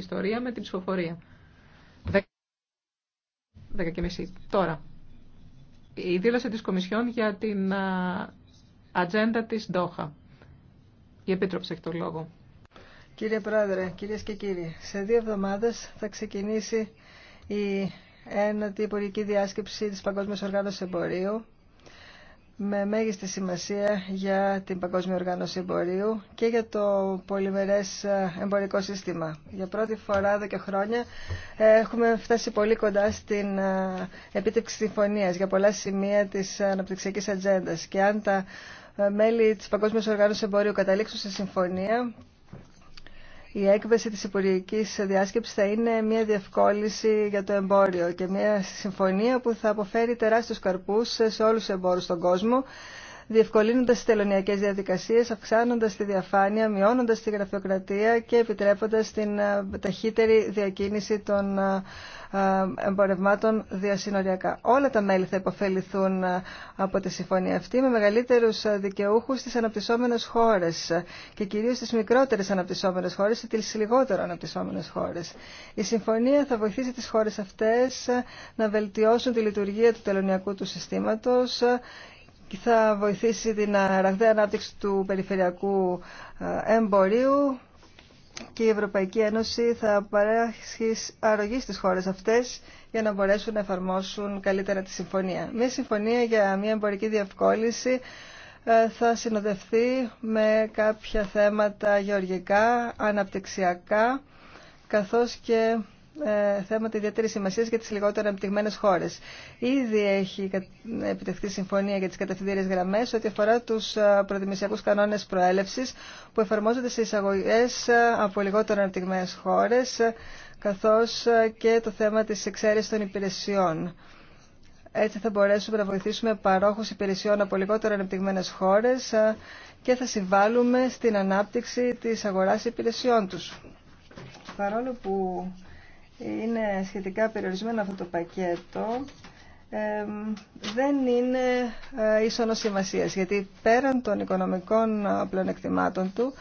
ιστορία με την ψηφοφορία. μισή. Τώρα, η δήλωση της Κομισιόν για την ατζέντα της Ντόχα. Η επίτροψη έχει το λόγο. Κύριε Πρόεδρε, κυρίες και κύριοι, σε δύο εβδομάδες θα ξεκινήσει η ένατη πολιτική διάσκεψη της Παγκόσμιας Οργάνωσης Εμπορίου με μέγιστη σημασία για την Παγκόσμια Οργάνωση Εμπορίου και για το πολυμερές ε, εμπορικό σύστημα. Για πρώτη φορά εδώ και χρόνια ε, έχουμε φτάσει πολύ κοντά στην ε, επίτευξη συμφωνίας για πολλά σημεία της αναπτυξιακής ατζέντα. και αν τα μέλη της Παγκόσμιας Οργάνωσης Εμπορίου καταλήξουν σε συμφωνία, η έκβαση της υπουργικής διάσκεψης θα είναι μια διευκόλυνση για το εμπόριο και μια συμφωνία που θα αποφέρει τεράστιους καρπούς σε όλους τους εμπόρους στον κόσμο Διευκολύνοντα τι τελωνιακέ διαδικασίε, αυξάνοντα τη διαφάνεια, μειώνοντα τη γραφειοκρατία και επιτρέποντα την ε, ταχύτερη διακίνηση των ε, ε, εμπορευμάτων διασυνοριακά. Όλα τα μέλη θα υποφεληθούν από τη συμφωνία αυτή με μεγαλύτερου δικαιούχου στι αναπτυσσόμενε χώρε και κυρίω στι μικρότερε χώρε ή τι χώρε Η συμφωνία θα βοηθήσει τι λιγοτερο αναπτυσσομενε χώρε. η συμφωνια θα βοηθησει τι χώρε αυτέ να βελτιώσουν τη λειτουργία του τελωνιακού του συστήματο και θα βοηθήσει την ε, ραγδαία ανάπτυξη του περιφερειακού ε, εμπορίου και η Ευρωπαϊκή Ένωση θα παρέχει αρρωγή στις χώρες αυτές για να μπορέσουν να εφαρμόσουν καλύτερα τη συμφωνία. Μια συμφωνία για μια εμπορική διευκόλυνση ε, θα συνοδευτεί με κάποια θέματα γεωργικά, αναπτυξιακά, καθώς και ε, θέματα ιδιαίτερη σημασία για τι λιγότερο αναπτυγμένε χώρε. Ήδη έχει επιτευχθεί συμφωνία για τι κατευθυντήριε γραμμέ ό,τι αφορά του ε, προτιμησιακού κανόνε προέλευση που εφαρμόζονται σε εισαγωγέ ε, από λιγότερο αναπτυγμένε χώρε, καθώ και το θέμα τη εξαίρεση των υπηρεσιών. Έτσι θα μπορέσουμε να βοηθήσουμε παρόχους υπηρεσιών από λιγότερο αναπτυγμένες χώρες και θα συμβάλλουμε στην ανάπτυξη της αγοράς υπηρεσιών τους. Παρόλο που είναι σχετικά περιορισμένο αυτό το πακέτο δεν είναι ε, ίσονος σημασία, γιατί πέραν των οικονομικών ε, πλεονεκτημάτων του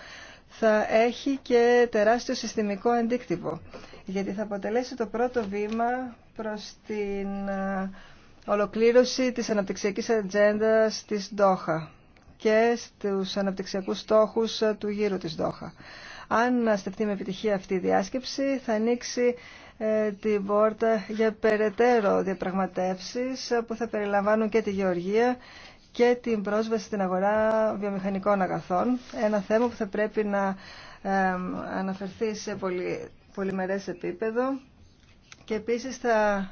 θα έχει και τεράστιο συστημικό αντίκτυπο γιατί θα αποτελέσει το πρώτο βήμα προς την ε, ολοκλήρωση της αναπτυξιακής ατζέντα της ΔΟΧΑ και στους αναπτυξιακούς στόχους ε, του γύρου της ΔΟΧΑ. Αν στεφτεί με επιτυχία αυτή η διάσκεψη, θα ανοίξει ε, την πόρτα για περαιτέρω διαπραγματεύσεις ε, που θα περιλαμβάνουν και τη γεωργία και την πρόσβαση στην αγορά βιομηχανικών αγαθών. Ένα θέμα που θα πρέπει να ε, αναφερθεί σε πολυμερές επίπεδο και επίσης θα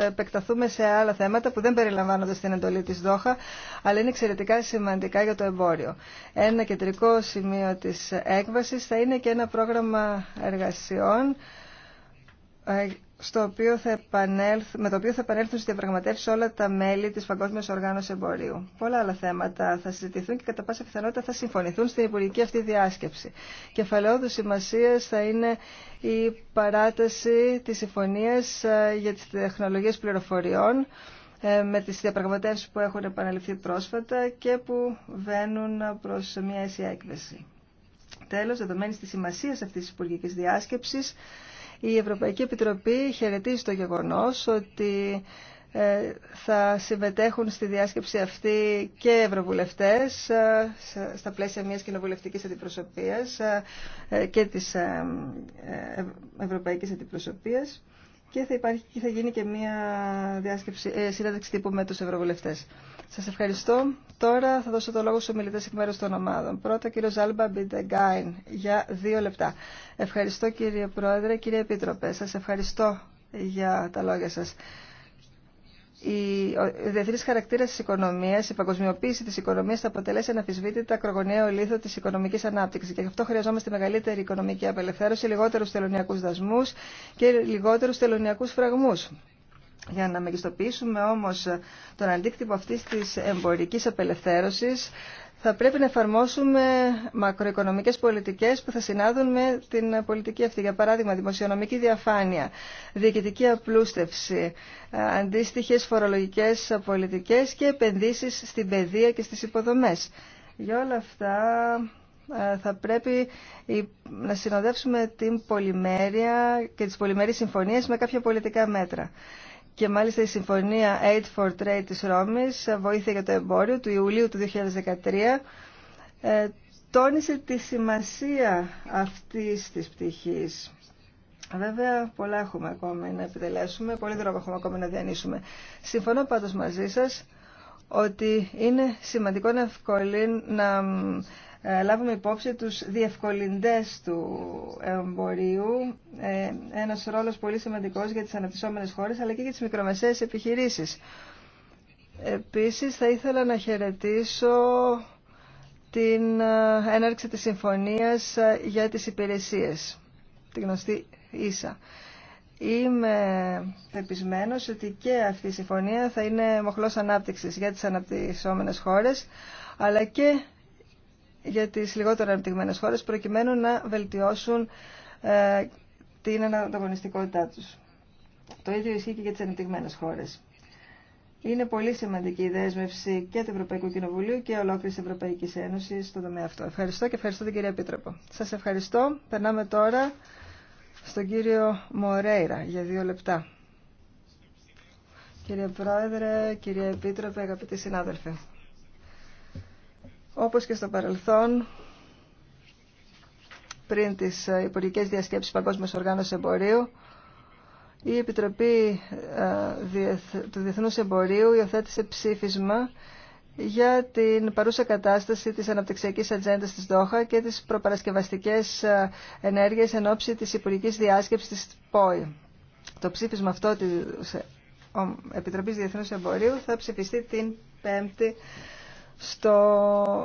επεκταθούμε σε άλλα θέματα που δεν περιλαμβάνονται στην εντολή της ΔΟΧΑ, αλλά είναι εξαιρετικά σημαντικά για το εμπόριο. Ένα κεντρικό σημείο της έκβασης θα είναι και ένα πρόγραμμα εργασιών ε, στο οποίο θα με το οποίο θα επανέλθουν στις διαπραγματεύσεις όλα τα μέλη της Παγκόσμια Οργάνωσης Εμπορίου. Πολλά άλλα θέματα θα συζητηθούν και κατά πάσα πιθανότητα θα συμφωνηθούν στην Υπουργική αυτή διάσκεψη. Κεφαλαιόδου σημασία θα είναι η παράταση της συμφωνίας ε, για τις τεχνολογίες πληροφοριών ε, με τις διαπραγματεύσεις που έχουν επαναληφθεί πρόσφατα και που βαίνουν προς μια αίσια έκβαση. Τέλος, δεδομένης της σημασίας αυτής της υπουργικής διάσκεψης, η Ευρωπαϊκή Επιτροπή χαιρετίζει το γεγονός ότι ε, θα συμμετέχουν στη διάσκεψη αυτή και ευρωβουλευτές ε, στα πλαίσια μιας κοινοβουλευτικής αντιπροσωπείας ε, και της Ευρωπαϊκής Αντιπροσωπείας και θα, υπάρχει, θα γίνει και μία διάσκεψη, ε, συνέντευξη τύπου με τους ευρωβουλευτές. Σας ευχαριστώ. Τώρα θα δώσω το λόγο στους ομιλητές εκ μέρους των ομάδων. Πρώτα, κύριο Ζάλμπα Μπιντεγκάιν, για δύο λεπτά. Ευχαριστώ, κύριε Πρόεδρε, κύριε Επίτροπε. Σας ευχαριστώ για τα λόγια σας. Η διεθνή χαρακτήρα τη οικονομία, η παγκοσμιοποίηση της οικονομίας θα αποτελέσει αναφυσβήτητα ακρογωνιαίο λίθο τη οικονομικής ανάπτυξης και γι' αυτό χρειαζόμαστε μεγαλύτερη οικονομική απελευθέρωση, λιγότερου τελωνιακού δασμούς και λιγότερου τελωνιακού φραγμούς. Για να μεγιστοποιήσουμε όμως τον αντίκτυπο αυτής της εμπορικής απελευθέρωσης θα πρέπει να εφαρμόσουμε μακροοικονομικές πολιτικές που θα συνάδουν με την πολιτική αυτή. Για παράδειγμα, δημοσιονομική διαφάνεια, διοικητική απλούστευση, αντίστοιχες φορολογικές πολιτικές και επενδύσεις στην παιδεία και στις υποδομές. Για όλα αυτά ε, θα πρέπει να συνοδεύσουμε την πολυμέρεια και τις πολυμερείς συμφωνίες με κάποια πολιτικά μέτρα και μάλιστα η συμφωνία Aid for Trade της Ρώμης, βοήθεια για το εμπόριο του Ιουλίου του 2013, ε, τόνισε τη σημασία αυτής της πτυχής. Βέβαια, πολλά έχουμε ακόμα να επιτελέσουμε, πολύ δρόμο έχουμε ακόμα να διανύσουμε. Συμφωνώ πάντως μαζί σας ότι είναι σημαντικό να, ευκολύνει να ε, λάβουμε υπόψη τους διευκολυντές του εμπορίου, ε, ένας ρόλος πολύ σημαντικός για τις αναπτυσσόμενες χώρες αλλά και για τις μικρομεσαίες επιχειρήσεις. Επίσης θα ήθελα να χαιρετήσω την ε, έναρξη της συμφωνίας για τις υπηρεσίες, τη γνωστή ίσα. Είμαι πεπισμένος ότι και αυτή η συμφωνία θα είναι μοχλός ανάπτυξης για τις αναπτυσσόμενες χώρες, αλλά και για τις λιγότερο αναπτυγμένες χώρες προκειμένου να βελτιώσουν ε, την ανταγωνιστικότητά τους. Το ίδιο ισχύει και για τις αναπτυγμένες χώρες. Είναι πολύ σημαντική η δέσμευση και του Ευρωπαϊκού Κοινοβουλίου και ολόκληρη τη Ευρωπαϊκή Ένωση στον τομέα αυτό. Ευχαριστώ και ευχαριστώ την κυρία Επίτροπο. Σα ευχαριστώ. Περνάμε τώρα στον κύριο Μορέιρα για δύο λεπτά. Κύριε Πρόεδρε, κύριε Επίτροπε, αγαπητοί συνάδελφοι. Όπως και στο παρελθόν, πριν τις ε, υπουργικέ διασκέψεις Παγκόσμιας Οργάνωσης Εμπορίου, η Επιτροπή ε, του Διεθνούς Εμπορίου υιοθέτησε ψήφισμα για την παρούσα κατάσταση της αναπτυξιακής ατζέντας της Δόχα και τις προπαρασκευαστικές ε, ενέργειες εν ώψη της υπουργική Διάσκεψης της ΠΟΗ. Το ψήφισμα αυτό της Επιτροπής Διεθνούς Εμπορίου θα ψηφιστεί την 5η στο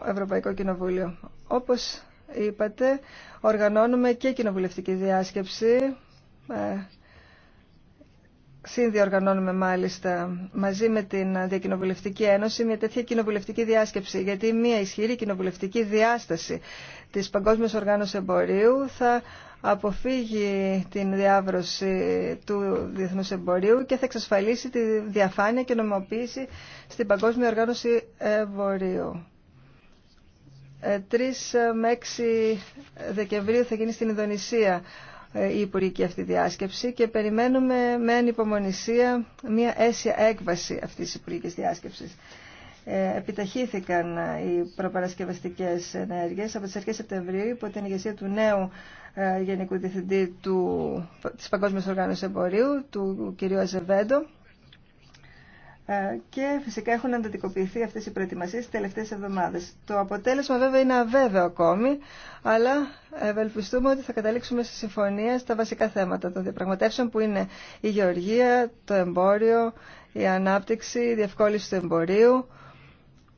Ευρωπαϊκό Κοινοβούλιο. Όπως είπατε, οργανώνουμε και κοινοβουλευτική διάσκεψη. Ε, συνδιοργανώνουμε μάλιστα μαζί με την Διακοινοβουλευτική Ένωση μια τέτοια κοινοβουλευτική διάσκεψη, γιατί μια ισχυρή κοινοβουλευτική διάσταση της Παγκόσμιας Οργάνωσης Εμπορίου θα αποφύγει την διάβρωση του διεθνούς εμπορίου και θα εξασφαλίσει τη διαφάνεια και νομοποίηση στην Παγκόσμια Οργάνωση Εμπορίου. 3 ε, ε, με 6 Δεκεμβρίου θα γίνει στην Ινδονησία ε, η υπουργική αυτή διάσκεψη και περιμένουμε με ανυπομονησία μια αίσια έκβαση αυτής της υπουργικής διάσκεψης. επιταχύθηκαν οι προπαρασκευαστικές ενέργειες από τις αρχές Σεπτεμβρίου υπό την ηγεσία του νέου ε, Γενικού Διευθυντή του, της Παγκόσμιας Οργάνωσης Εμπορίου, του κ. Αζεβέντο. Ε, και φυσικά έχουν αντατικοποιηθεί αυτές οι προετοιμασίες τις τελευταίες εβδομάδες. Το αποτέλεσμα βέβαια είναι αβέβαιο ακόμη, αλλά ευελπιστούμε ότι θα καταλήξουμε σε συμφωνία στα βασικά θέματα των διαπραγματεύσεων που είναι η γεωργία, το εμπόριο, η ανάπτυξη, η διευκόλυνση του εμπορίου,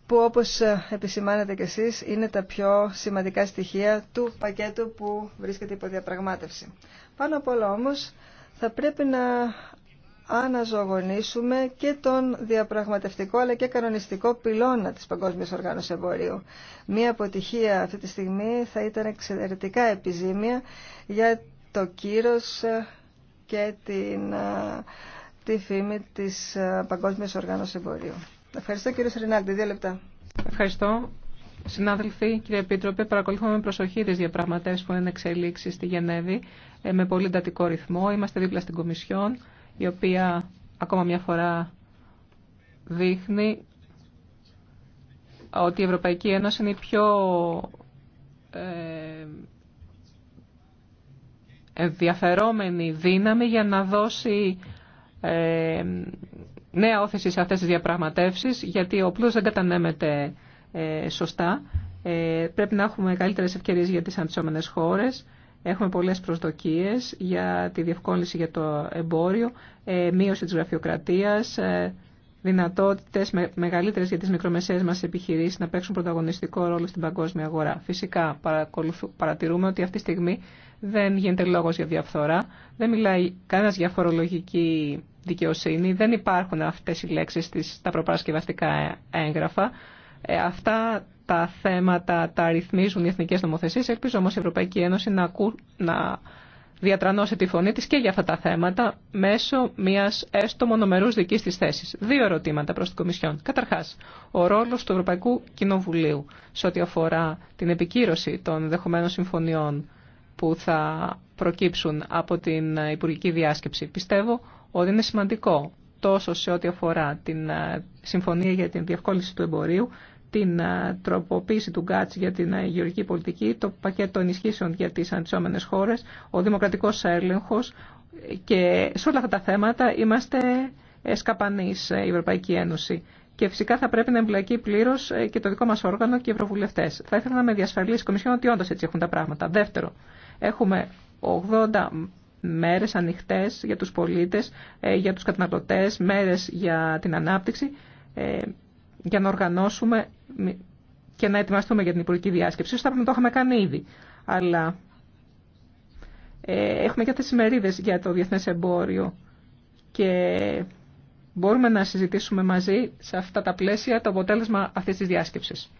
που όπως ε, επισημάνετε κι εσείς είναι τα πιο σημαντικά στοιχεία του πακέτου που βρίσκεται υπό διαπραγμάτευση. Πάνω απ' όλα όμως θα πρέπει να αναζωογονήσουμε και τον διαπραγματευτικό αλλά και κανονιστικό πυλώνα της Παγκόσμιας Οργάνωσης Εμπορίου. Μία αποτυχία αυτή τη στιγμή θα ήταν εξαιρετικά επιζήμια για το κύρος ε, και ε, τη φήμη της Παγκόσμιας Οργάνωσης Εμπορίου. Ευχαριστώ κύριε Σερινάλτη. Δύο λεπτά. Ευχαριστώ. Συνάδελφοι, κύριε Επίτροπε, παρακολουθούμε με προσοχή τι διαπραγματεύσει που είναι εξελίξει στη Γενέβη ε, με πολύ εντατικό ρυθμό. Είμαστε δίπλα στην Κομισιόν, η οποία ακόμα μια φορά δείχνει ότι η Ευρωπαϊκή Ένωση είναι η πιο ε, ενδιαφερόμενη δύναμη για να δώσει ε, νέα όθεση σε αυτές τις διαπραγματεύσεις, γιατί ο πλούτος δεν κατανέμεται ε, σωστά. Ε, πρέπει να έχουμε καλύτερες ευκαιρίες για τις αντισόμενες χώρες. Έχουμε πολλές προσδοκίες για τη διευκόλυνση για το εμπόριο, ε, μείωση της γραφειοκρατίας, Δυνατότητε με, μεγαλύτερες για τις μικρομεσαίες μα επιχειρήσει να παίξουν πρωταγωνιστικό ρόλο στην παγκόσμια αγορά. Φυσικά παρατηρούμε ότι αυτή τη στιγμή δεν γίνεται λόγος για διαφθορά, δεν μιλάει κανένας για φορολογική δικαιοσύνη, δεν υπάρχουν αυτές οι λέξεις στα προπαρασκευαστικά έγγραφα. Ε, αυτά τα θέματα τα αριθμίζουν οι εθνικέ νομοθεσίε, Ελπίζω όμω η Ευρωπαϊκή Ένωση να, ακού, να διατρανώσει τη φωνή της και για αυτά τα θέματα μέσω μιας έστω μονομερούς δικής της θέσης. Δύο ερωτήματα προς την Κομισιόν. Καταρχάς, ο ρόλος του Ευρωπαϊκού Κοινοβουλίου σε ό,τι αφορά την επικύρωση των δεχομένων συμφωνιών που θα προκύψουν από την Υπουργική Διάσκεψη. Πιστεύω ότι είναι σημαντικό τόσο σε ό,τι αφορά την ε, Συμφωνία για την Διευκόλυνση του Εμπορίου, την ε, τροποποίηση του ΓΚΑΤΣ για την ε, γεωργική πολιτική, το πακέτο ενισχύσεων για τις αντισόμενες χώρες, ο δημοκρατικός έλεγχος και σε όλα αυτά τα θέματα είμαστε ε, σκαπανείς η Ευρωπαϊκή Ένωση. Και φυσικά θα πρέπει να εμπλακεί πλήρω και το δικό μα όργανο και οι ευρωβουλευτέ. Θα ήθελα να με διασφαλίσει η Κομισιόν ότι όντω έτσι έχουν τα πράγματα. Δεύτερο, έχουμε 80 μέρε ανοιχτέ για του πολίτε, για του καταναλωτέ, μέρε για την ανάπτυξη για να οργανώσουμε και να ετοιμαστούμε για την υπουργική διάσκεψη. Ίσως θα πρέπει να το είχαμε κάνει ήδη. Αλλά ε, έχουμε και αυτές μερίδες για το διεθνές εμπόριο και μπορούμε να συζητήσουμε μαζί σε αυτά τα πλαίσια το αποτέλεσμα αυτής της διάσκεψης.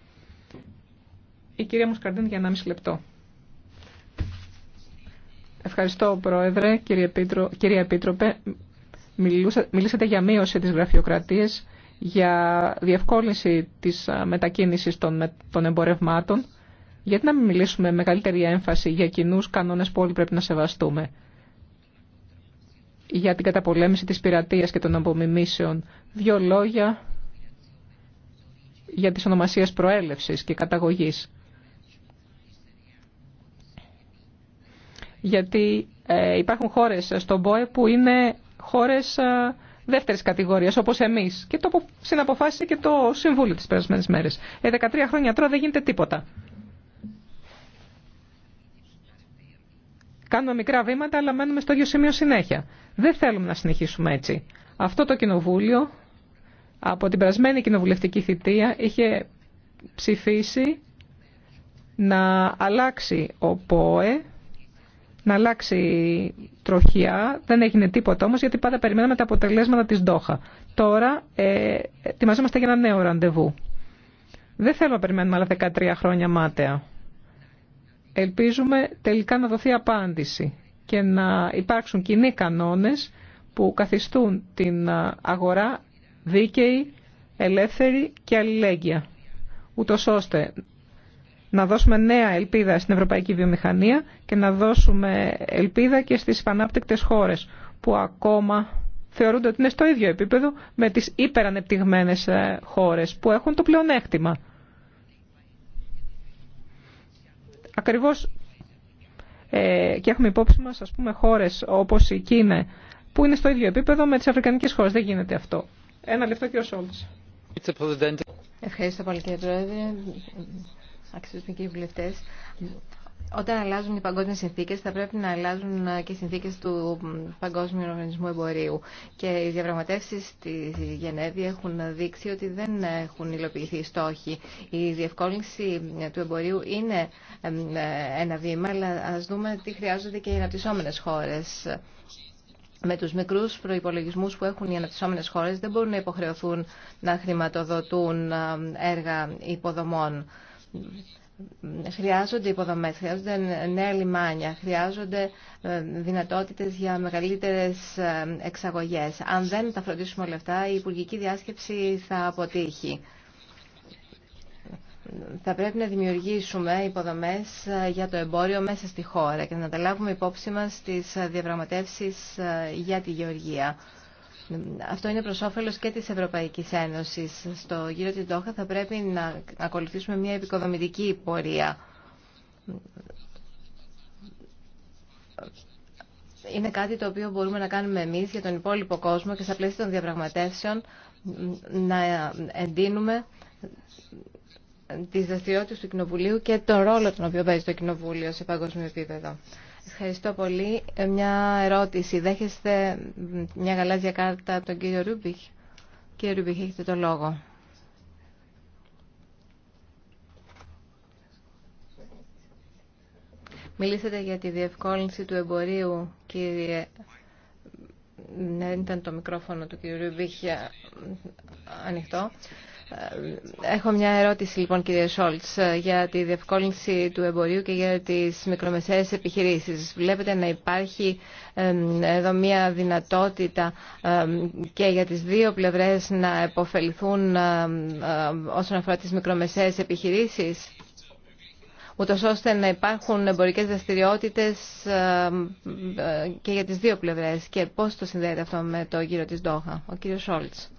Η κυρία Μουσκαρντίν για 1,5 λεπτό. Ευχαριστώ, Πρόεδρε, κύριε Επίτροπε. Μιλήσατε για μείωση της γραφειοκρατίας για διευκόλυνση της μετακίνησης των εμπορευμάτων, γιατί να μην μιλήσουμε με μεγαλύτερη έμφαση για κοινού κανόνες που όλοι πρέπει να σεβαστούμε. Για την καταπολέμηση της πειρατείας και των απομιμήσεων. Δύο λόγια για τις ονομασίες προέλευσης και καταγωγής. Γιατί ε, υπάρχουν χώρες στον ΠΟΕ που είναι χώρες δεύτερη κατηγορία, όπω εμεί. Και το που συναποφάσισε και το Συμβούλιο τι περασμένε μέρε. Ε, 13 χρόνια τώρα δεν γίνεται τίποτα. Κάνουμε μικρά βήματα, αλλά μένουμε στο ίδιο σημείο συνέχεια. Δεν θέλουμε να συνεχίσουμε έτσι. Αυτό το κοινοβούλιο από την περασμένη κοινοβουλευτική θητεία είχε ψηφίσει να αλλάξει ο ΠΟΕ να αλλάξει τροχιά. Δεν έγινε τίποτα όμως γιατί πάντα περιμέναμε τα αποτελέσματα της Ντόχα. Τώρα ε, ετοιμαζόμαστε για ένα νέο ραντεβού. Δεν θέλω να περιμένουμε άλλα 13 χρόνια μάταια. Ελπίζουμε τελικά να δοθεί απάντηση και να υπάρξουν κοινοί κανόνες που καθιστούν την ε, αγορά δίκαιη, ελεύθερη και αλληλέγγυα ούτω ώστε να δώσουμε νέα ελπίδα στην ευρωπαϊκή βιομηχανία και να δώσουμε ελπίδα και στις φανάπτυκτες χώρες που ακόμα θεωρούνται ότι είναι στο ίδιο επίπεδο με τις υπερανεπτυγμένες ε, χώρες που έχουν το πλεονέκτημα. Ακριβώς ε, και έχουμε υπόψη μας ας πούμε χώρες όπως η Κίνα που είναι στο ίδιο επίπεδο με τις αφρικανικές χώρες. Δεν γίνεται αυτό. Ένα λεπτό ως Σόλτς. Ευχαριστώ πολύ κύριε Πρόεδρε κύριοι βουλευτέ, όταν αλλάζουν οι παγκόσμιε συνθήκε, θα πρέπει να αλλάζουν και οι συνθήκε του Παγκόσμιου Οργανισμού Εμπορίου. Και οι διαπραγματεύσει στη Γενέβη έχουν δείξει ότι δεν έχουν υλοποιηθεί οι στόχοι. Η διευκόλυνση του εμπορίου είναι ένα βήμα, αλλά α δούμε τι χρειάζονται και οι αναπτυσσόμενε χώρε. Με τους μικρούς προϋπολογισμούς που έχουν οι αναπτυσσόμενες χώρες δεν μπορούν να υποχρεωθούν να χρηματοδοτούν έργα υποδομών. Χρειάζονται υποδομές, χρειάζονται νέα λιμάνια, χρειάζονται ε, δυνατότητες για μεγαλύτερες ε, εξαγωγές. Αν δεν τα φροντίσουμε όλα αυτά, η υπουργική διάσκεψη θα αποτύχει. Θα πρέπει να δημιουργήσουμε υποδομές ε, για το εμπόριο μέσα στη χώρα και να τα υπόψη μας στις διαπραγματεύσεις για τη γεωργία. Αυτό είναι προ όφελο και τη Ευρωπαϊκή Ένωση. Στο γύρο τη δόχα θα πρέπει να ακολουθήσουμε μια επικοδομητική πορεία. Είναι κάτι το οποίο μπορούμε να κάνουμε εμείς για τον υπόλοιπο κόσμο και στα πλαίσια των διαπραγματεύσεων να εντείνουμε τις δραστηριότητες του Κοινοβουλίου και τον ρόλο τον οποίο παίζει το Κοινοβούλιο σε παγκόσμιο επίπεδο. Ευχαριστώ πολύ. Ε, μια ερώτηση. Δέχεστε μια γαλάζια κάρτα από τον κύριο Ρούμπιχ. Κύριε Ρούμπιχ, έχετε το λόγο. Μιλήσατε για τη διευκόλυνση του εμπορίου, κύριε... Ναι, δεν ήταν το μικρόφωνο του κύριου Ρούμπιχ ε, ανοιχτό. Έχω μια ερώτηση λοιπόν κύριε Σόλτς για τη διευκόλυνση του εμπορίου και για τις μικρομεσαίες επιχειρήσεις. Βλέπετε να υπάρχει εδώ μια δυνατότητα και για τις δύο πλευρές να επωφεληθούν όσον αφορά τις μικρομεσαίες επιχειρήσεις ούτως ώστε να υπάρχουν εμπορικές δραστηριότητες ε, και για τις δύο πλευρές και πώς το συνδέεται αυτό με το γύρο της Ντόχα, ο κύριος Σόλτς.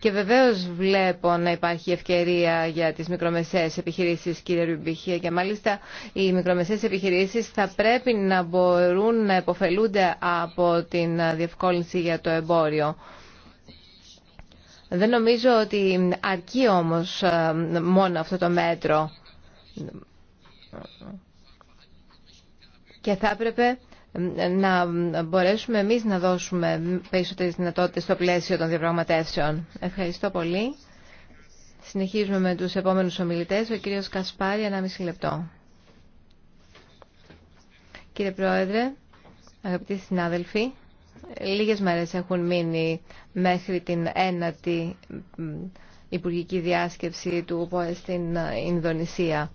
Και βεβαίως βλέπω να υπάρχει ευκαιρία για τις μικρομεσαίες επιχειρήσεις, κύριε Ρουμπιχία, και μάλιστα οι μικρομεσαίες επιχειρήσεις θα πρέπει να μπορούν να υποφελούνται από την διευκόλυνση για το εμπόριο. Δεν νομίζω ότι αρκεί όμως ε, μόνο αυτό το μέτρο. Και θα έπρεπε να μπορέσουμε εμείς να δώσουμε περισσότερες δυνατότητες στο πλαίσιο των διαπραγματεύσεων. Ευχαριστώ πολύ. Συνεχίζουμε με τους επόμενους ομιλητές. Ο κύριος Κασπάρη, μισή λεπτό. Κύριε Πρόεδρε, αγαπητοί συνάδελφοι, λίγες μέρες έχουν μείνει μέχρι την ένατη υπουργική διάσκεψη του ΟΠΟΕ στην Ινδονησία.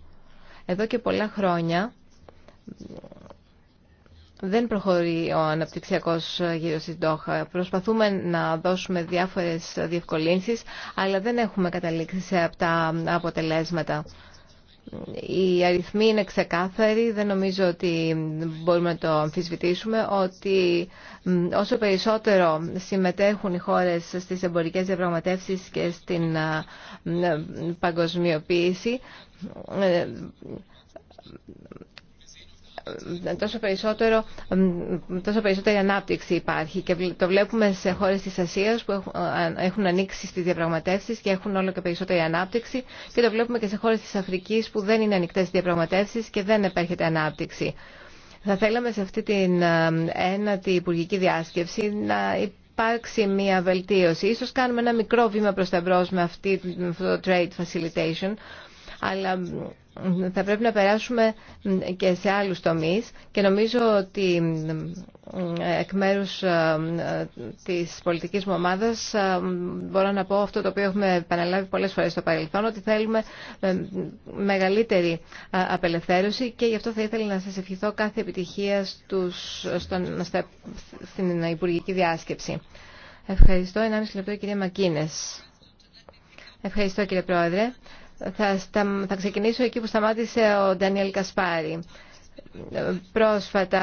Εδώ και πολλά χρόνια δεν προχωρεί ο αναπτυξιακός ε, γύρω στην Τόχα. Προσπαθούμε να δώσουμε διάφορες διευκολύνσεις, αλλά δεν έχουμε καταλήξει σε αυτά αποτελέσματα. Οι αριθμοί είναι ξεκάθαροι, δεν νομίζω ότι μπορούμε να το αμφισβητήσουμε, ότι όσο περισσότερο συμμετέχουν οι χώρες στις εμπορικές διαπραγματεύσεις και στην ε, παγκοσμιοποίηση, ε, τόσο, περισσότερο, τόσο περισσότερη ανάπτυξη υπάρχει και το βλέπουμε σε χώρες της Ασίας που έχουν ανοίξει στις διαπραγματεύσεις και έχουν όλο και περισσότερη ανάπτυξη και το βλέπουμε και σε χώρες της Αφρικής που δεν είναι ανοιχτές στις διαπραγματεύσεις και δεν επέρχεται ανάπτυξη. Θα θέλαμε σε αυτή την ένατη υπουργική διάσκεψη να υπάρξει μια βελτίωση. Ίσως κάνουμε ένα μικρό βήμα προς τα μπρος με αυτή, το trade facilitation, αλλά θα πρέπει να περάσουμε και σε άλλους τομείς και νομίζω ότι εκ μέρους ε, της πολιτικής μου ομάδας ε, μπορώ να πω αυτό το οποίο έχουμε επαναλάβει πολλές φορές στο παρελθόν ότι θέλουμε ε, μεγαλύτερη απελευθέρωση και γι' αυτό θα ήθελα να σας ευχηθώ κάθε επιτυχία στους, στον, στην Υπουργική Διάσκεψη. Ευχαριστώ. 1,5 λεπτό κυρία Μακίνες. Ευχαριστώ κύριε Πρόεδρε. Θα, στα, θα ξεκινήσω εκεί που σταμάτησε ο Ντανιέλ Κασπάρη. Πρόσφατα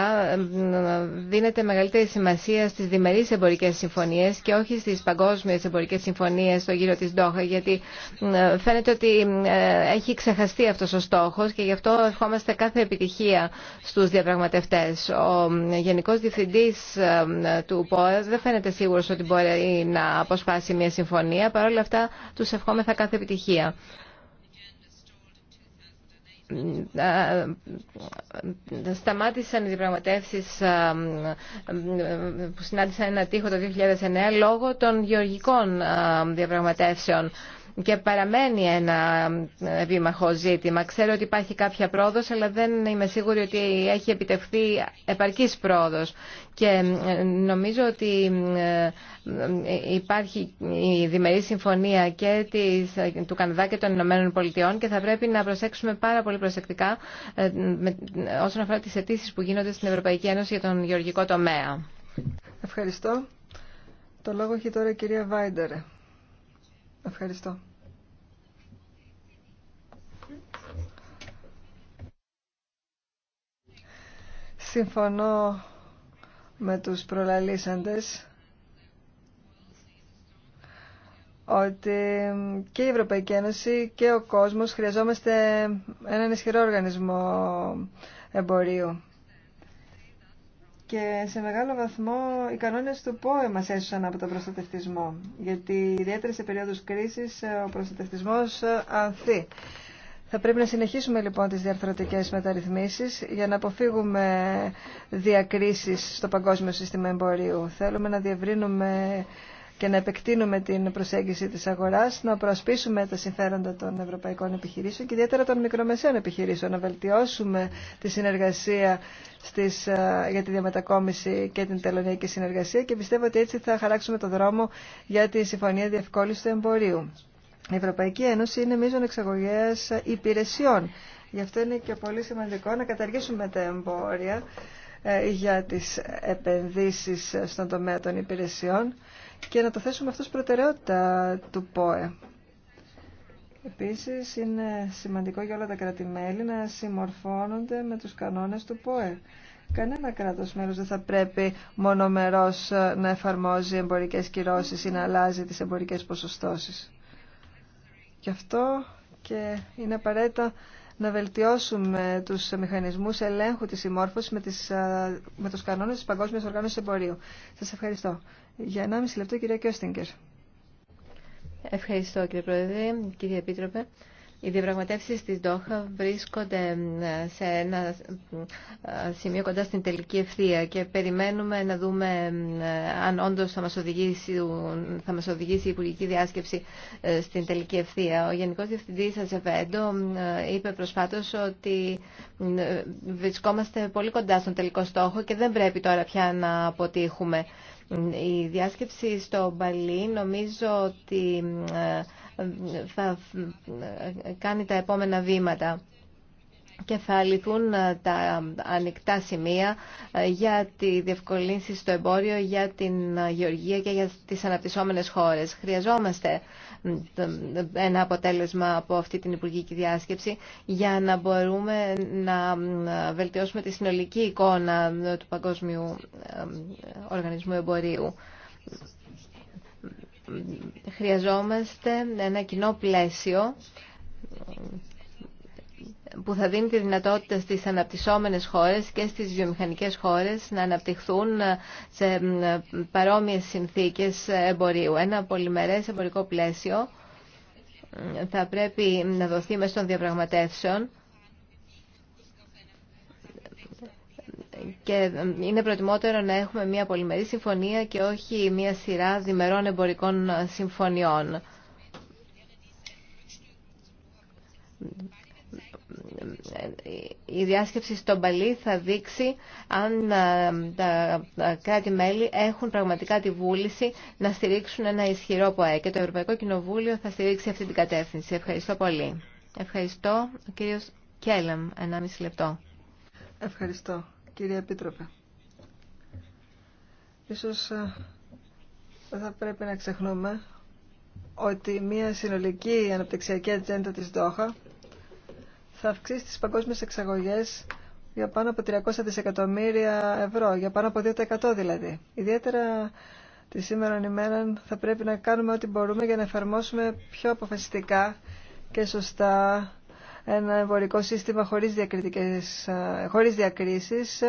δίνεται μεγαλύτερη σημασία στις διμερείς εμπορικές συμφωνίες και όχι στις παγκόσμιες εμπορικές συμφωνίες στο γύρο της Ντόχα γιατί φαίνεται ότι ε, έχει ξεχαστεί αυτός ο στόχος και γι' αυτό ευχόμαστε κάθε επιτυχία στους διαπραγματευτές. Ο Γενικός Διευθυντής ε, του ΠΟΕ δεν φαίνεται σίγουρος ότι μπορεί να αποσπάσει μια συμφωνία παρόλα αυτά τους ευχόμεθα κάθε επιτυχία. Ε, ε, σταμάτησαν οι διαπραγματεύσει ε, που συνάντησαν ένα τείχο το 2009 λόγω των γεωργικών διαπραγματεύσεων και παραμένει ένα ε, επίμαχο ζήτημα. Ξέρω ότι υπάρχει κάποια πρόοδος, αλλά δεν είμαι σίγουρη ότι έχει επιτευχθεί επαρκής πρόοδος. Και ε, νομίζω ότι ε, υπάρχει η διμερή συμφωνία και της, του Καναδά και των Ηνωμένων Πολιτειών και θα πρέπει να προσέξουμε πάρα πολύ προσεκτικά όσον αφορά τις αιτήσει που γίνονται στην Ευρωπαϊκή Ένωση για τον γεωργικό τομέα. Ευχαριστώ. Το λόγο έχει τώρα η κυρία Βάιντερε. Ευχαριστώ. Συμφωνώ με τους προλαλήσαντες ότι και η Ευρωπαϊκή Ένωση και ο κόσμος χρειαζόμαστε έναν ισχυρό οργανισμό εμπορίου. Και σε μεγάλο βαθμό οι κανόνες του ΠΟΕ μας έσωσαν από τον προστατευτισμό. Γιατί ιδιαίτερα σε περίοδους κρίσης ε, ο προστατευτισμός ε, ανθεί. Θα πρέπει να συνεχίσουμε λοιπόν τις διαρθρωτικές μεταρρυθμίσεις για να αποφύγουμε διακρίσεις στο παγκόσμιο σύστημα εμπορίου. Θέλουμε να διευρύνουμε και να επεκτείνουμε την προσέγγιση της αγοράς, να προασπίσουμε τα συμφέροντα των ευρωπαϊκών επιχειρήσεων και ιδιαίτερα των μικρομεσαίων επιχειρήσεων, να βελτιώσουμε τη συνεργασία στις, για τη διαμετακόμιση και την τελωνιακή συνεργασία και πιστεύω ότι έτσι θα χαράξουμε το δρόμο για τη Συμφωνία Διευκόλυνση του Εμπορίου. Η Ευρωπαϊκή Ένωση είναι μείζον εξαγωγέας υπηρεσιών. Γι' αυτό είναι και πολύ σημαντικό να καταργήσουμε τα εμπόρια ε, για τις επενδύσεις στον τομέα των υπηρεσιών και να το θέσουμε αυτό προτεραιότητα του ΠΟΕ. Επίσης, είναι σημαντικό για όλα τα κράτη-μέλη να συμμορφώνονται με τους κανόνες του ΠΟΕ. Κανένα κράτος μέλος δεν θα πρέπει μονομερός να εφαρμόζει εμπορικές κυρώσεις ή να αλλάζει τις εμπορικές ποσοστώσεις. Γι' αυτό και είναι απαραίτητο να βελτιώσουμε τους μηχανισμούς ελέγχου της συμμόρφωσης με, τις, με τους κανόνες της Παγκόσμιας Οργάνωσης Εμπορίου. Σας ευχαριστώ. Για 1,5 λεπτό, κυρία Κιώστιγκερ. Ευχαριστώ, κύριε Πρόεδρε, κύριε Επίτροπε. Οι διαπραγματεύσει τη ΔΟΧΑ βρίσκονται σε ένα σημείο κοντά στην τελική ευθεία και περιμένουμε να δούμε αν όντω θα μα οδηγήσει, θα μας οδηγήσει η Υπουργική Διάσκεψη ε, στην τελική ευθεία. Ο Γενικό Διευθυντή Αζεβέντο είπε προσφάτω ότι βρισκόμαστε πολύ κοντά στον τελικό στόχο και δεν πρέπει τώρα πια να αποτύχουμε. Η διάσκεψη στο Μπαλί νομίζω ότι ε, θα ε, κάνει τα επόμενα βήματα και θα λυθούν ε, τα ε, ανοιχτά σημεία ε, για τη διευκολύνση στο εμπόριο, για την γεωργία και για τις αναπτυσσόμενες χώρες. Χρειαζόμαστε ένα αποτέλεσμα από αυτή την Υπουργική Διάσκεψη για να μπορούμε να βελτιώσουμε τη συνολική εικόνα του Παγκόσμιου Οργανισμού Εμπορίου χρειαζόμαστε ένα κοινό πλαίσιο που θα δίνει τη δυνατότητα στις αναπτυσσόμενες χώρες και στις βιομηχανικές χώρες να αναπτυχθούν ε, σε παρόμοιες συνθήκες εμπορίου. Ένα πολυμερές εμπορικό πλαίσιο ε, θα πρέπει να δοθεί μέσω των διαπραγματεύσεων και ε, είναι προτιμότερο να έχουμε μια πολυμερή συμφωνία και όχι μια σειρά διμερών εμπορικών συμφωνιών η διάσκεψη στον Παλί θα δείξει αν ε, τα κράτη-μέλη έχουν πραγματικά τη βούληση να στηρίξουν ένα ισχυρό ΠΟΕ και το Ευρωπαϊκό Κοινοβούλιο θα στηρίξει αυτή την κατεύθυνση. Ευχαριστώ πολύ. Ευχαριστώ. Ο κύριος Κέλεμ, 1,5 λεπτό. Ευχαριστώ. Κύριε Επίτροπε. Ίσως ε, θα πρέπει να ξεχνούμε ότι μια συνολική αναπτυξιακή ατζέντα της Δόχα θα αυξήσει τις παγκόσμιες εξαγωγές για πάνω από 300 δισεκατομμύρια ευρώ, για πάνω από 2% δηλαδή. Ιδιαίτερα τη σήμερα ημέρα θα πρέπει να κάνουμε ό,τι μπορούμε για να εφαρμόσουμε πιο αποφασιστικά και σωστά ένα εμπορικό σύστημα χωρίς, διακριτικές, χωρίς διακρίσεις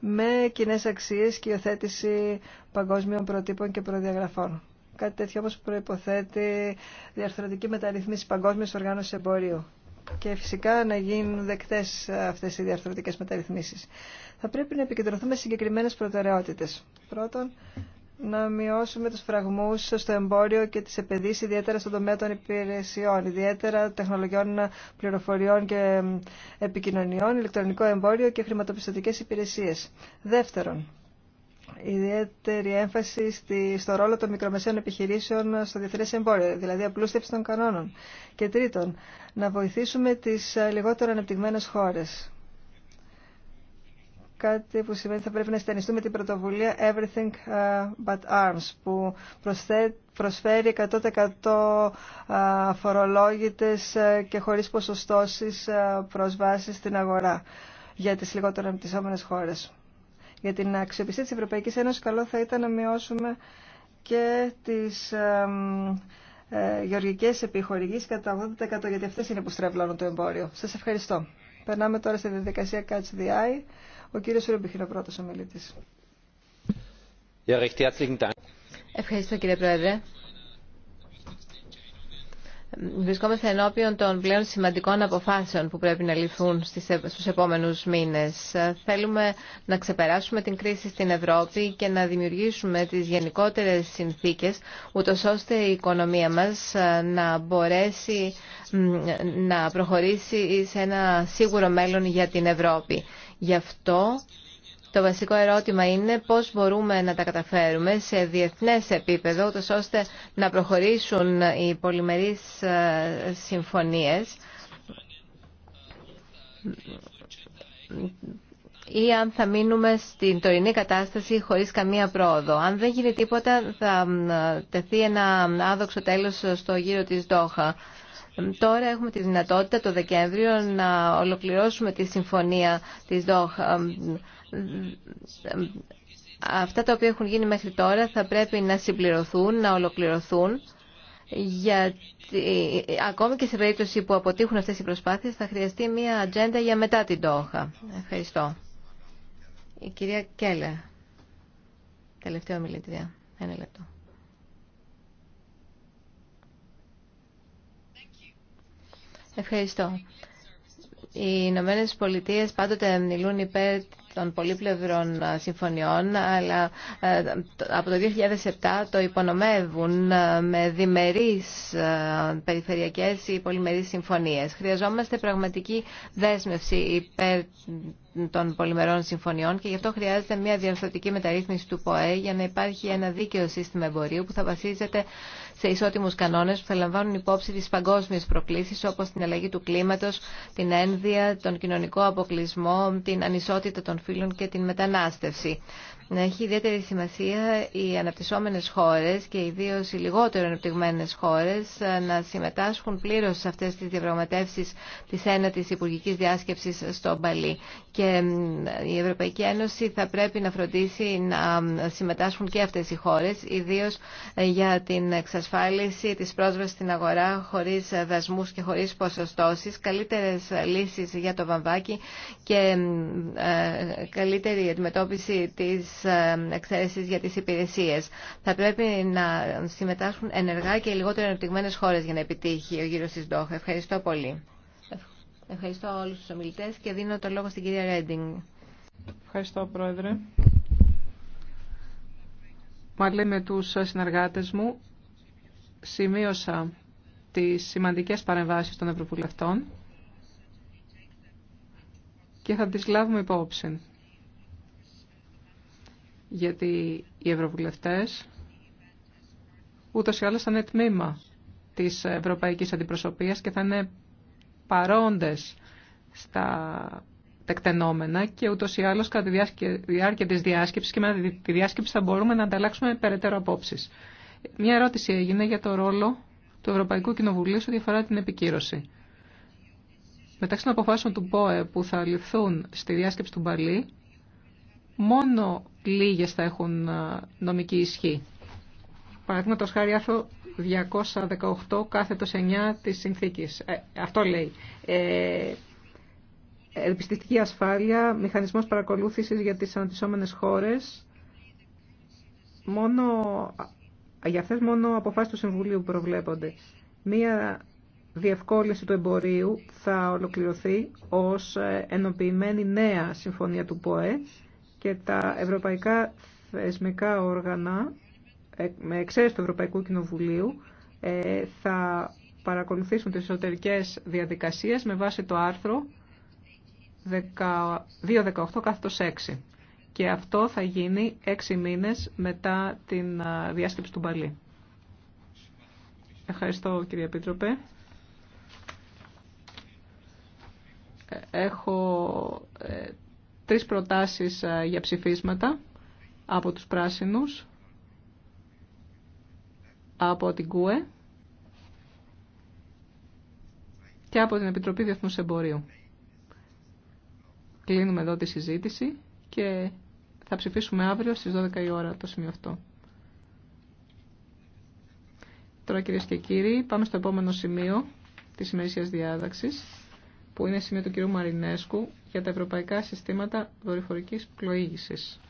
με κοινέ αξίες και υιοθέτηση παγκόσμιων προτύπων και προδιαγραφών. Κάτι τέτοιο όμως προϋποθέτει διαρθρωτική μεταρρυθμίση παγκόσμιας οργάνωσης εμπορίου και φυσικά να γίνουν δεκτές αυτές οι διαρθρωτικές μεταρρυθμίσεις. Θα πρέπει να επικεντρωθούμε σε συγκεκριμένες προτεραιότητες. Πρώτον, να μειώσουμε τους φραγμούς στο εμπόριο και τις επενδύσεις, ιδιαίτερα στον τομέα των υπηρεσιών, ιδιαίτερα τεχνολογιών πληροφοριών και επικοινωνιών, ηλεκτρονικό εμπόριο και χρηματοπιστωτικές υπηρεσίες. Δεύτερον, ιδιαίτερη έμφαση στη, στο ρόλο των μικρομεσαίων επιχειρήσεων στο διεθνέ εμπόριο, δηλαδή απλούστευση των κανόνων. Και τρίτον, να βοηθήσουμε τις ε, λιγότερο ανεπτυγμένε χώρες. Κάτι που σημαίνει ότι θα πρέπει να στενιστούμε την πρωτοβουλία Everything ε, But Arms, που προσφέρει 100% ε, φορολόγητες και χωρίς ποσοστώσεις προσβάσεις στην αγορά για τις λιγότερο ανεπτυσσόμενες χώρες για την αξιοπιστία της Ευρωπαϊκής Ένωσης καλό θα ήταν να μειώσουμε και τις ε, γεωργικές επιχορηγήσεις κατά 80% γιατί αυτές είναι που στρεβλώνουν το εμπόριο. Σας ευχαριστώ. Περνάμε τώρα στη διαδικασία Catch the Eye. Ο κύριος Ρούμπιχ είναι ο πρώτος ομιλητής. Ευχαριστώ κύριε Πρόεδρε. Βρισκόμαστε ενώπιον των πλέον σημαντικών αποφάσεων που πρέπει να ληφθούν στους επόμενους μήνες. Θέλουμε να ξεπεράσουμε την κρίση στην Ευρώπη και να δημιουργήσουμε τις γενικότερες συνθήκες, ούτω ώστε η οικονομία μας ε, να μπορέσει να προχωρήσει σε ένα σίγουρο μέλλον για την Ευρώπη. Γι' αυτό το βασικό ερώτημα είναι πώς μπορούμε να τα καταφέρουμε σε διεθνές επίπεδο, ώστε να προχωρήσουν οι πολυμερείς ε, συμφωνίες ή αν θα μείνουμε στην τωρινή κατάσταση χωρίς καμία πρόοδο. Αν δεν γίνει τίποτα θα τεθεί ένα άδοξο τέλος στο γύρο της Δόχα. Τώρα έχουμε τη δυνατότητα το Δεκέμβριο να ολοκληρώσουμε τη συμφωνία της Δόχα αυτά τα οποία έχουν γίνει μέχρι τώρα θα πρέπει να συμπληρωθούν, να ολοκληρωθούν γιατί ακόμη και σε περίπτωση που αποτύχουν αυτές οι προσπάθειες θα χρειαστεί μια ατζέντα για μετά την Τόχα. Ευχαριστώ. Η κυρία Κέλλερ, τελευταία ομιλητρία. Ένα λεπτό. Ευχαριστώ. Οι Ηνωμένε Πολιτείε πάντοτε μιλούν υπέρ των πολύπλευρων συμφωνιών, αλλά ε, από το 2007 το υπονομεύουν με διμερείς περιφερειακές ή πολυμερείς συμφωνίες. Χρειαζόμαστε πραγματική δέσμευση των πολυμερών συμφωνιών και γι' αυτό χρειάζεται μια διαρθρωτική μεταρρύθμιση του ΠΟΕ για να υπάρχει ένα δίκαιο σύστημα εμπορίου που θα βασίζεται σε ισότιμους κανόνες που θα λαμβάνουν υπόψη τι παγκόσμιες προκλήσει όπως την αλλαγή του κλίματος, την ένδυα, τον κοινωνικό αποκλεισμό, την ανισότητα των φύλων και την μετανάστευση να έχει ιδιαίτερη σημασία οι αναπτυσσόμενες χώρες και ιδίως οι λιγότερο αναπτυγμένες χώρες ε, να συμμετάσχουν πλήρως σε αυτές τις διαπραγματεύσεις της ένατης υπουργικής διάσκεψης στο Μπαλί. Και η Ευρωπαϊκή Ένωση θα πρέπει να φροντίσει να συμμετάσχουν και αυτές οι χώρες, ιδίως ε, για την εξασφάλιση της πρόσβασης στην αγορά χωρίς δασμούς και χωρίς ποσοστώσεις, καλύτερες λύσεις για το βαμβάκι και ε, καλύτερη αντιμετώπιση της εξαίρεσεις για τις υπηρεσίες. Θα πρέπει να συμμετάσχουν ενεργά και οι λιγότερο ενεπτυγμένες χώρες για να επιτύχει ο γύρος της ΔΟΧ. Ευχαριστώ πολύ. Ευχαριστώ όλους τους ομιλητές και δίνω το λόγο στην κυρία Ρέντινγκ. Ευχαριστώ, Πρόεδρε. λέει με τους συνεργάτες μου σημείωσα τις σημαντικές παρεμβάσεις των Ευρωβουλευτών και θα τις λάβουμε υπόψη γιατί οι ευρωβουλευτές ούτως ή άλλως θα είναι τμήμα της Ευρωπαϊκής Αντιπροσωπείας και θα είναι παρόντες στα τεκτενόμενα και ούτως ή άλλως κατά τη διάρκεια της διάσκεψης και με τη διάσκεψη θα μπορούμε να ανταλλάξουμε περαιτέρω απόψεις. Μια ερώτηση έγινε για το ρόλο του Ευρωπαϊκού Κοινοβουλίου σε διαφορά την επικύρωση. Μεταξύ των αποφάσεων του ΠΟΕ που θα ληφθούν στη διάσκεψη του Μπαλί, μόνο λίγες θα έχουν ε, νομική ισχύ. Παραδείγματο χάρη άρθρο 218 κάθετος 9 της συνθήκης. Ε, αυτό λέει. Ε, ασφάλεια, μηχανισμός παρακολούθησης για τις αναπτυσσόμενες χώρες. Μόνο, για αυτές μόνο αποφάσεις του Συμβουλίου προβλέπονται. Μία διευκόλυνση του εμπορίου θα ολοκληρωθεί ως ε, ενοποιημένη νέα συμφωνία του ΠΟΕ και τα ευρωπαϊκά θεσμικά όργανα, ε, με εξαίρεση του Ευρωπαϊκού Κοινοβουλίου, ε, θα παρακολουθήσουν τις εσωτερικές διαδικασίες με βάση το άρθρο 2.18 κάθετος 6. Και αυτό θα γίνει έξι μήνες μετά την ε, διάσκεψη του Μπαλί. Ευχαριστώ κύριε πίτροπε. Έχω τρεις προτάσεις ε, για ψηφίσματα από τους πράσινους, από την ΚΟΕ και από την Επιτροπή Διεθνούς Εμπορίου. Κλείνουμε εδώ τη συζήτηση και θα ψηφίσουμε αύριο στις 12 η ώρα το σημείο αυτό. Τώρα κυρίες και κύριοι, πάμε στο επόμενο σημείο της ημερήσιας διάδαξης που είναι σημείο του κυρίου Μαρινέσκου για τα ευρωπαϊκά συστήματα δορυφορικής πλοήγησης.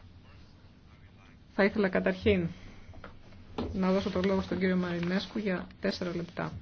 Θα ήθελα καταρχήν να δώσω το λόγο στον κύριο Μαρινέσκου για τέσσερα λεπτά.